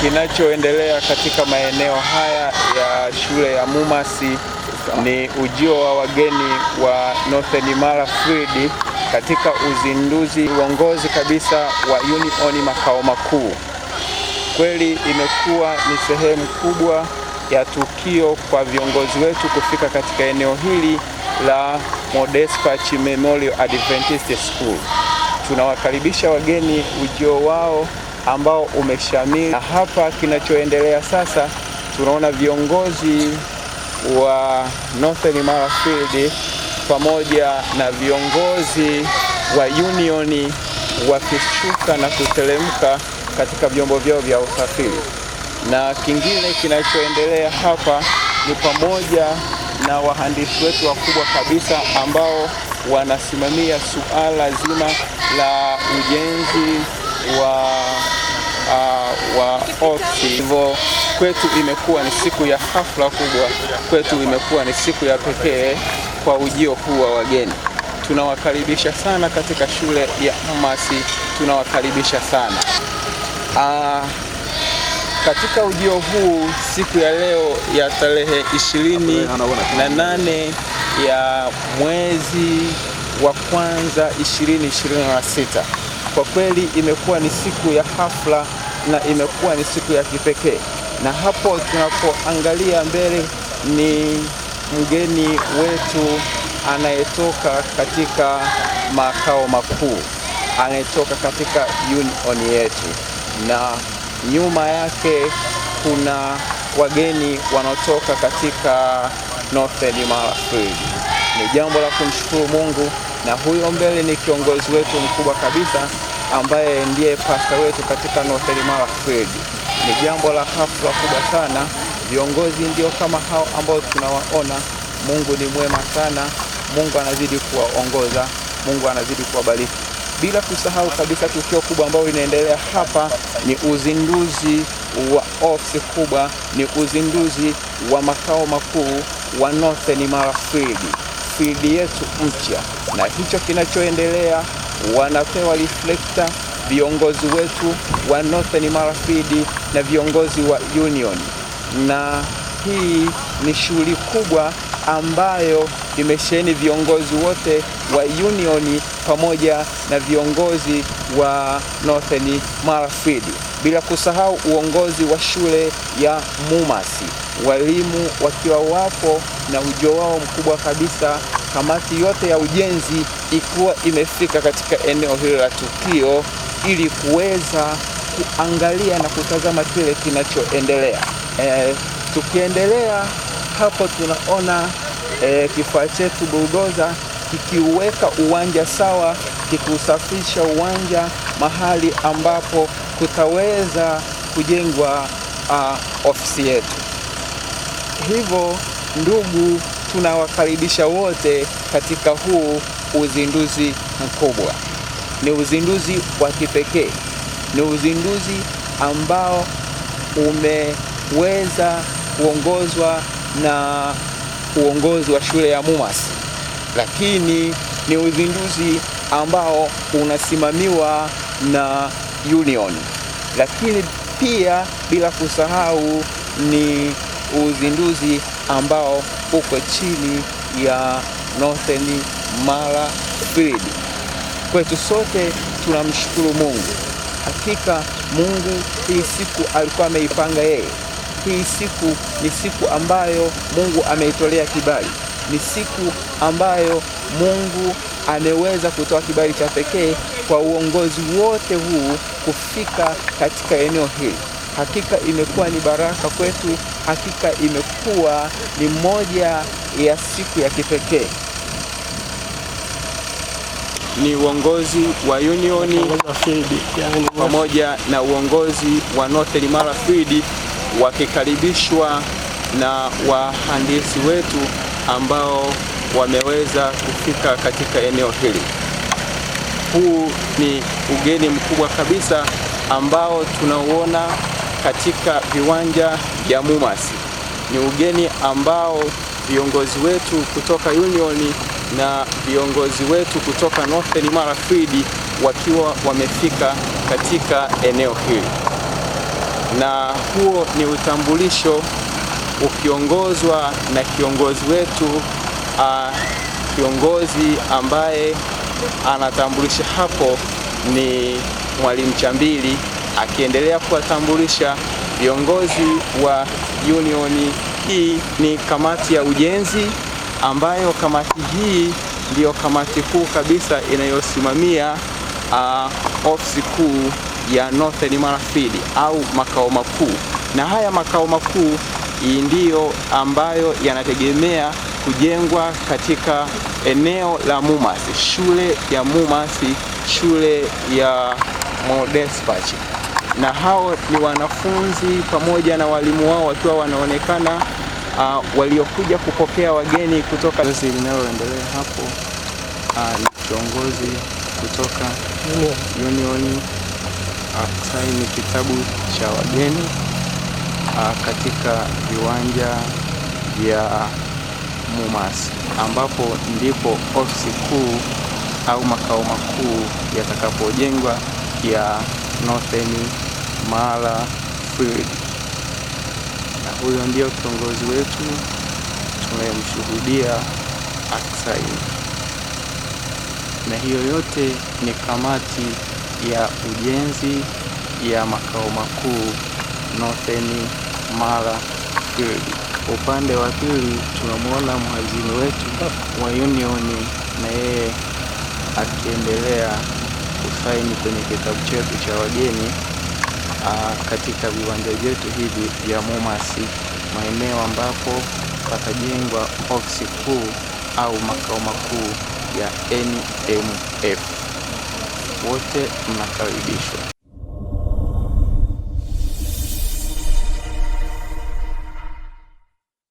Kinachoendelea katika maeneo haya ya shule ya Mumasi ni ujio wa wageni wa Northern Mara Fried katika uzinduzi uongozi kabisa wa Union makao makuu. Kweli imekuwa ni sehemu kubwa ya tukio kwa viongozi wetu kufika katika eneo hili la Modespa Memorial Adventist School. Tunawakaribisha wageni ujio wao ambao umeshamiri. Na hapa kinachoendelea sasa, tunaona viongozi wa Northern Mara Field pamoja na viongozi wa unioni wakishuka na kuteremka katika vyombo vyao vya usafiri. Na kingine kinachoendelea hapa ni pamoja na wahandisi wetu wakubwa kabisa ambao wanasimamia suala zima la ujenzi wa uh, wa Hivyo kwetu imekuwa ni siku ya hafla kubwa, kwetu imekuwa ni siku ya pekee kwa ujio huu wa wageni. Tunawakaribisha sana katika shule ya mmasi tunawakaribisha sana uh, katika ujio huu siku ya leo ya tarehe ishirini na nane ya mwezi wa kwanza 2026 kwa kweli imekuwa ni siku ya hafla na imekuwa ni siku ya kipekee, na hapo tunapoangalia mbele ni mgeni wetu anayetoka katika makao makuu, anayetoka katika union yetu, na nyuma yake kuna wageni wanaotoka katika Northern Mara Free. Ni jambo la kumshukuru Mungu na huyo mbele ni kiongozi wetu mkubwa kabisa ambaye ndiye pasta wetu katika mara kweli. Ni jambo la hafla kubwa sana. Viongozi ndio kama hao ambao tunawaona. Mungu ni mwema sana. Mungu anazidi kuwaongoza, Mungu anazidi kuwabariki, bila kusahau kabisa tukio kubwa ambayo inaendelea hapa ni uzinduzi wa ofisi kubwa, ni uzinduzi wa makao makuu wa Northern Mara Field field yetu mpya, na hicho kinachoendelea wanapewa reflector viongozi wetu wa Northern Mara Field na viongozi wa Union, na hii ni shughuli kubwa ambayo imesheheni viongozi wote wa Union pamoja na viongozi wa Northern Mara Field, bila kusahau uongozi wa shule ya Mumasi walimu wakiwa wapo na ujo wao mkubwa kabisa, kamati yote ya ujenzi ikiwa imefika katika eneo hilo la tukio ili kuweza kuangalia na kutazama kile kinachoendelea. E, tukiendelea hapo tunaona e, kifaa chetu buldoza kikiweka uwanja sawa, kikusafisha uwanja mahali ambapo kutaweza kujengwa uh, ofisi yetu hivyo, ndugu, tunawakaribisha wote katika huu uzinduzi mkubwa. Ni uzinduzi wa kipekee, ni uzinduzi ambao umeweza kuongozwa na uongozi wa shule ya MUMAS, lakini ni uzinduzi ambao unasimamiwa na Union, lakini pia bila kusahau ni uzinduzi ambao uko chini ya Northern Mara Field. Kwetu sote tunamshukuru Mungu. Hakika Mungu hii siku alikuwa ameipanga yeye. Hii siku ni siku ambayo Mungu ameitolea kibali, ni siku ambayo Mungu ameweza kutoa kibali cha pekee kwa uongozi wote huu kufika katika eneo hili. Hakika imekuwa ni baraka kwetu hakika imekuwa ni moja ya siku ya kipekee. Ni uongozi wa unioni pamoja na uongozi wa North Mara Field wakikaribishwa na wahandisi wetu ambao wameweza kufika katika eneo hili. Huu ni ugeni mkubwa kabisa ambao tunauona katika viwanja vya Mumasi. Ni ugeni ambao viongozi wetu kutoka Union na viongozi wetu kutoka Northern Mara Field wakiwa wamefika katika eneo hili, na huo ni utambulisho ukiongozwa na kiongozi wetu a, kiongozi ambaye anatambulisha hapo ni Mwalimu Chambili akiendelea kuwatambulisha viongozi wa unioni. Hii ni kamati ya ujenzi ambayo kamati hii ndiyo kamati kuu kabisa inayosimamia uh, ofisi kuu ya Northern Marafidi au makao makuu, na haya makao makuu ndiyo ambayo yanategemea kujengwa katika eneo la Mumasi, shule ya Mumasi, shule ya Modespachi na hao ni wanafunzi pamoja na walimu wao wakiwa wanaonekana uh, waliokuja kupokea wageni kutoka. Zoezi linaloendelea hapo uh, ni kiongozi kutoka Union asaini ah, uh, kitabu cha wageni uh, katika viwanja vya Mumas ambapo ndipo ofisi kuu au makao makuu yatakapojengwa ya Northern mara Field. Na huyo ndio kiongozi wetu tunayemshuhudia aksaini, na hiyo yote ni kamati ya ujenzi ya makao makuu Northern Mara Field. Upande wa pili tunamwona mhazini wetu wa Union na yeye akiendelea kusaini kwenye kitabu chetu cha wageni uh, katika viwanja vyetu hivi vya Mumasi, maeneo ambapo patajengwa ofisi kuu au makao makuu ya NMF. Wote mnakaribishwa.